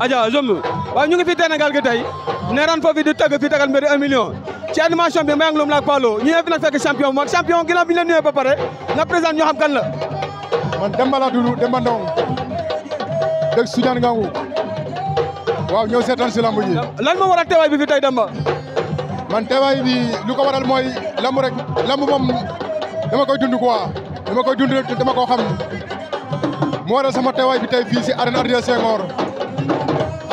aja Zomb waaw ñu ngi fi Sénégal gi tey neeran foofu di tagg fi tagal mbir un million ci animation bi Mbayang Loum laak Palo ñu ngi fi nag fekk champion bu mag champion ginnaaw bi ñu leen nuyee ba pare nga président xam kan la man Demba laa tudd Demba Ndaw dëkk Soudiane Ngangu waaw ñëw seetaan si lamb ji lan moo waral teewaay bi fi tey Demba man teewaay bi lu ko waral mooy lamb rek lamb moom dama koy dund quoi dama koy dund dama koo xam moo waral sama teewaay bi tey fii si arène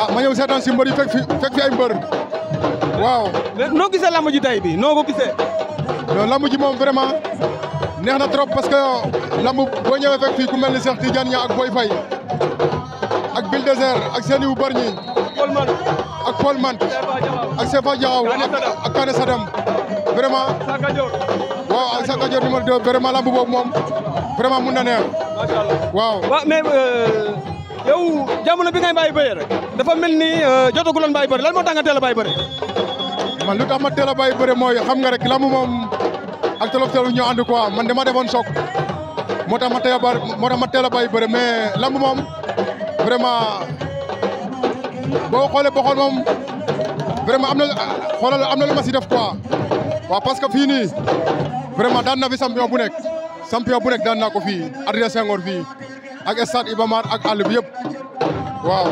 ah ma ñëw seetaan si mbër yi fekk fi fekk fi ay mbër waaw. noo gisee lamb ji tey bi noo ko gisee. non lamb ji moom vraiment neex trop parce que lamb boo ñëwee fekk fii ku mel ni Cheikh Tidiane Niang ak Boy Faye ak Bulldozer ak seen yu bari ñi ak Paul Mante ak Sefa Diaw ak Kane Sadam vraiment waaw ak Saka Dior numéro 2 vraiment lamb boobu moom vraiment mun na neex waaw mais. Euh, yow jamono bi ngay bàyyi beuy rek dafa melni jotagu euh, jotaguloon bàyyi beuy lan mo tax nga teel a man lu tax ma tela a beuy moy xam nga rek lamb mom ak telok telu ñu and quoi man dama defon sok motax ma tela a bàyyi ma tela a beuy mais lamb mom vraiment bo xoolee bo xol mom vraiment amna xolal amna lu ma ci def quoi wa parce que fini vraiment dan na fi champion bu nek champion bu nek dan na ko fi Adrien Senghor fi ak stade ibamar ak àll bi yëpp waaw.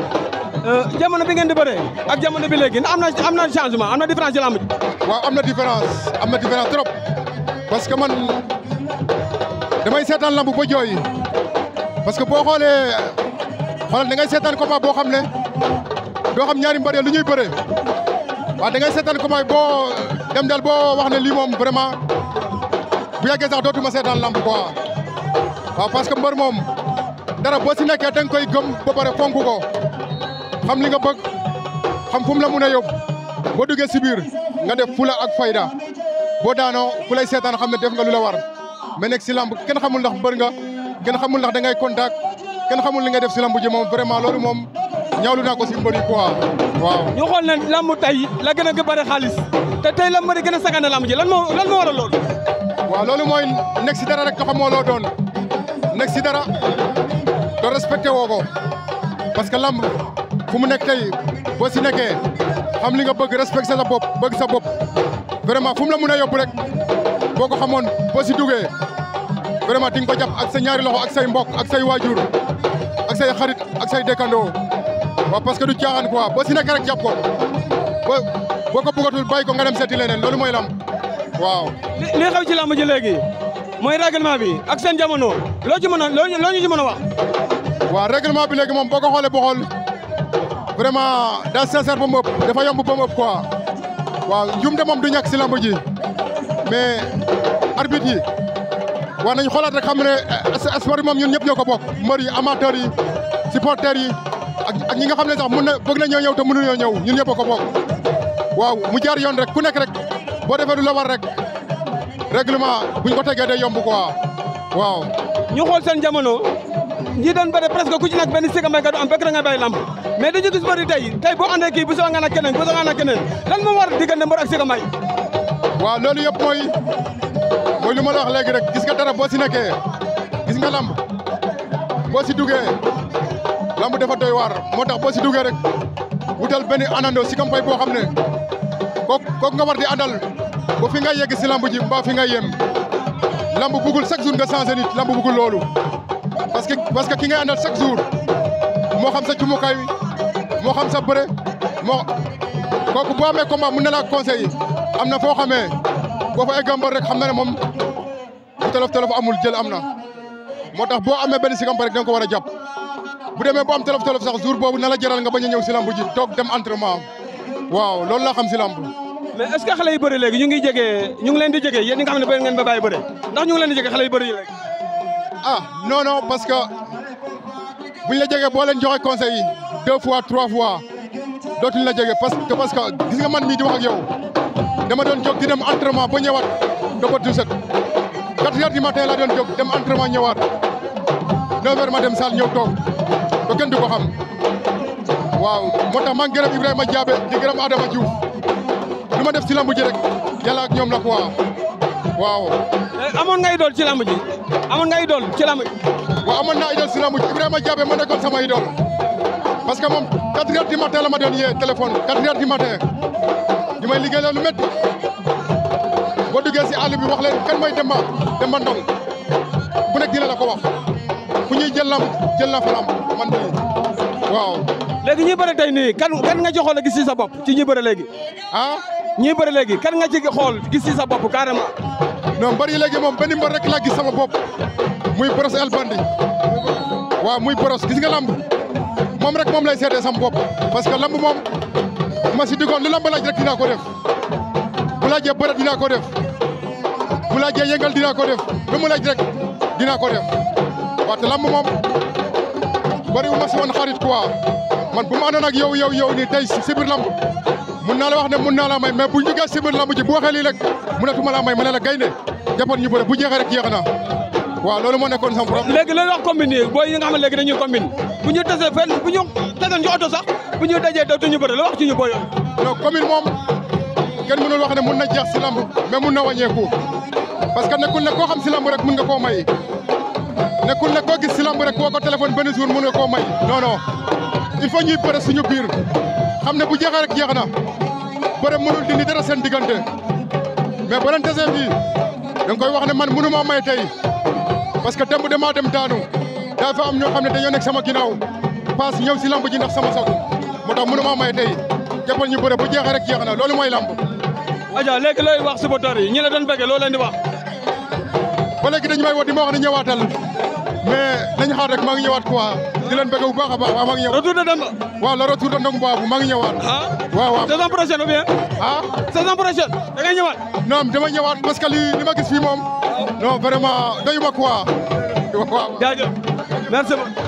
Euh, jamono bi ngeen di bëree ak jamono bi léegi amna amna changement amna différence ci lamb ji. waaw amna différence amna différence trop parce que man damay seetaan lamb ba joy parce que bo xolé xoolal da ngay seetaan ko ba bo xamné do xam ñaari mbare ya lu ñuy bëree wa da ngay ko combat bo dem dal bo wax né li mom vraiment bu yagge sax dootuma seetaan lamb quoi wa parce que mbër mom dara boo si nekkee da nga koy gëm ba pare fonk ko xam li nga bëgg xam fu mu la mun a yóbbu boo duggee si biir nga def fula ak fayda boo daanoo ku lay seetaan xam ne def nga lu la war mais nekk si lamb kenn xamul ndax mbër nga kenn xamul ndax da ngay contact kenn xamul li ngay def si lamb ji moom vraiment loolu moom ñaawlu naa ko si mbër yi quoi waaw. ñu xool ne lamb tey la gën a bëri xaalis te tey lamb di gën a sagane lamb ji lan moo lan moo waral loolu. waaw loolu mooy nekk si dara rek nga xam moo loo doon nekk si dara. te respecté woo ko parce que lamb fu mu nekk tey boo si nekkee xam li nga bëgg respecté sa bopp bëgg sa bopp vraiment fu mu la mën a yóbbu rek boo ko xamoon boo si duggee vraiment di nga ko jàpp ak sa ñaari loxo ak say mbokk ak say waajur ak say xarit ak say dëkkandoo waaw parce que du caaxaan quoi boo si nekk rek jàpp ko boo boo ko bëggatul ko nga dem seeti loolu mooy lam waaw. li xew ci lamb ji léegi. mooy règlement bi ak seen jamono loo ci mën a ñu ci mën a wax. waaw règlement bi léegi moom boo ko xoolee boo xool vraiment da sincère ba ëpp dafa yomb ba mu ëpp quoi waaw njumte moom du ñàkk si lamb ji mais arbitre yi war nañ xoolaat rek xam ne sport bi moom ñun ñëpp ñoo ko bokk mbër yi amateurs yi supporters yi ak ñi nga xam ne sax mun na bëgg na ñoo ñëw te mënuñoo ñëw ñun ñëpp ko bokk waaw mu jaar yoon rek ku nekk rek boo defee du la rek. règlement buñ ko tegee day yomb quoi waaw. ñu xool seen jamono ñi doon bëri presque ku ci nekk benn siga mbéykat du am fekk da nga bàyyi lamb mais dañu gis bëri tey tey boo àndee kii bu soobee nga nag keneen bu soobee nga nag keneen lan moo war a diggante ak siga mbay. waaw loolu yëpp mooy mooy lu la wax léegi rek gis nga dara boo si nekkee gis nga lamb boo si duggee lamb dafa doy waar moo tax boo si duggee rek wutal benn anando si kam fay boo xam ne kooku kooku nga war di àndal. bu fi nga yegg si lamb ji mbaa fi nga yem lamb bugul chaque jour nga changé lamb bugul loolu parce que parce que ki ngay àndal chaque jour moo xam sa cumukaay moo xam sa bëre moo kooku boo amee combat mën na laa conseiller am na foo xamee boo fa egg mbër rek xam na ne moom bu tolof tolof amul jël am na moo tax boo amee benn sigamba rek da nga ko war a jàpp bu demee boo am tolof tolof sax jour boobu na la jaral nga bañ a ñëw si lamb ji toog dem entraînement waaw loolu laa xam si mais est ce que xale yi bëri léegi ñu ngi jege ñu ngi leen di jege yéen ñi nga xam ne bëri ngeen ba bàyyi bëri ndax ñu ngi leen di jege xale yi bëri léegi. ah non non parce que buñ la jege boo leen joxe conseil yi deux fois trois fois dootuñ la jege parce que parce que gis nga man mii di wax ak yow dama doon jóg di dem entraînement ba ñëwaat dama du set quatre heures du matin laa doon jóg dem entraînement ñëwaat neuf heures ma dem salle ñëw toog ba kenn du ko xam waaw moo tax ngi gërëm Ibrahima Diabé di gërëm Adama Diouf ma def ci lambu ji rek yalla ak ñom la quoi waaw. Eh, amon nga idol ci lambu ji amon nga idol ci lambu ji. waaw amoon naa idol ci lambu ji Ibrahima jabe ma nekkon sama idol parce que mom 4 h du matin la ma don yee téléphone 4 h du matin di may liggéeyal lu metti bo duggé ci àll bi wax leen kan mooy Demba Demba Ndong bu nek dina la ko wax fu ñuy jël lamb jël la flam man de waaw. léegi ñuy bëre tey nii kan kan nga joxoon a gis si sa bopp ci ñuy bëre léegi ah. ñii bëri léegi kan nga ci xool gis ci sa bopp carrément. non mbër yi léegi moom benn mbër rek laa gis sama bopp muy Brosse El Bandit waaw muy Brosse gis nga lamb moom rek moom lay seetee sama bopp parce que lamb moom ma si digoon li lamb laaj rek dinaa ko def bu laajee bëre dinaa ko def bu laajee yëngal dinaa ko def lu mu laaj rek dinaa ko def waaw te lamb moom bëriwu ma si woon xarit quoi man bu ma àndoon ak yow yow yow nii tey si biir lamb. mun na la wax ne mun naa la may mais bu ñu jógee si biir lamb ji bu waxee lii rek mënatuma la may ma gaynde jàppoon ñu bu jeexee rek jeex na waaw loolu moo nekkoon sama problème. léegi looy wax combine yi booy yi nga xam ne léegi dañuy combine bu ñu tasee fenn bu ñu tasoon ci oto bu ñu dajee dootuñu bëre la wax ci ñu booyoon. non moom kenn mënul wax ne mun na jeex si lamb mais mun na wàññeeku parce que nekkul ne koo si lamb rek koo may nekkul ne koo gis si lamb rek woo ko téléphone benn jour mun nga koo may non non il faut ñuy bëre ne bu jeexee rek jeex na. bëre mënul dindi dara seen diggante mais ba leen tase fii koy wax ne man mënu ma may tey parce que démb dem daanu daa fa am ñoo xam ne dañoo nekk sama ginnaaw paas ñëw si lamb ji ndax sama sago moo tax mënu ma may tey jàppal ñu bëre bu jeexee rek jeex na loolu mooy lamb. Adja léegi looy wax supporters yi ñi la doon bëgg loo leen di wax. ba léegi dañu may woo di ma wax ne ñëwaatal mais nañu xaar rek maa ngi ñëwaat di leen baax a baax waaw maa ngi ñëw. de Demba. waaw le retour de Ndongo Babou maa ngi ñëwaat. Ah. waaw waaw saison prochaine ou bien. ah saison prochaine da ngay ñëwaat. non dama parce que li li ma gis fii moom. non vraiment doyuma quoi. waaw jaajëf merci beaucoup.